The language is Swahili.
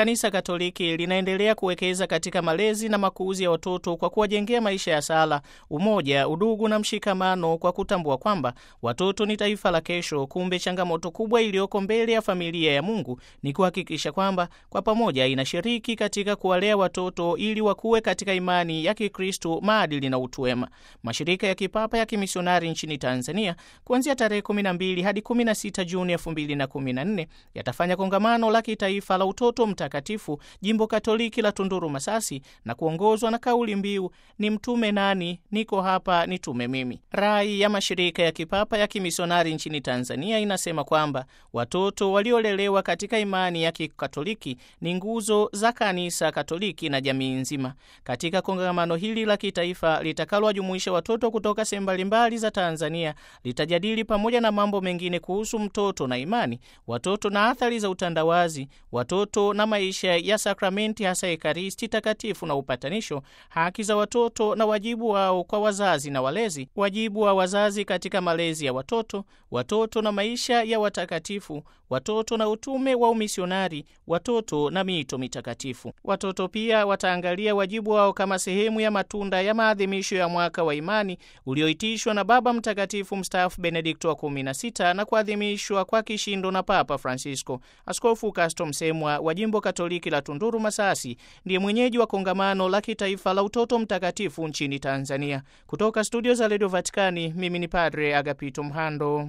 Kanisa Katoliki linaendelea kuwekeza katika malezi na makuzi ya watoto kwa kuwajengea maisha ya sala, umoja, udugu na mshikamano, kwa kutambua kwamba watoto ni taifa la kesho. Kumbe changamoto kubwa iliyoko mbele ya familia ya Mungu ni kuhakikisha kwamba kwa pamoja inashiriki katika kuwalea watoto ili wakuwe katika imani ya Kikristu, maadili na utu wema. Mashirika ya kipapa ya kimisionari nchini Tanzania kuanzia tarehe 12 hadi 16 Juni 2014 yatafanya kongamano la kitaifa la utoto mta Mtakatifu, jimbo Katoliki la Tunduru Masasi, na kuongozwa na kauli mbiu ni mtume nani, niko hapa nitume mimi. Rai ya mashirika ya kipapa ya kimisionari nchini Tanzania inasema kwamba watoto waliolelewa katika imani ya Kikatoliki ni nguzo za Kanisa Katoliki na jamii nzima. Katika kongamano hili la kitaifa litakalowajumuisha watoto kutoka sehemu mbalimbali za Tanzania, litajadili pamoja na mambo mengine kuhusu mtoto na imani, watoto na athari za utandawazi, watoto na maisha ya sakramenti hasa Ekaristi Takatifu na upatanisho, haki za watoto na wajibu wao kwa wazazi na walezi, wajibu wa wazazi katika malezi ya watoto, watoto na maisha ya watakatifu, watoto na utume wa umisionari, watoto na mito mitakatifu. Watoto pia wataangalia wajibu wao kama sehemu ya matunda ya maadhimisho ya mwaka wa imani ulioitishwa na Baba Mtakatifu mstaafu Benedikto wa 16 na kuadhimishwa kwa kishindo na Papa Francisco. Askofu Kasto Msemwa wa jimbo Katoliki la Tunduru Masasi ndiye mwenyeji wa kongamano la kitaifa la utoto mtakatifu nchini Tanzania. Kutoka studio za redio Vatikani, mimi ni Padre Agapito Mhando.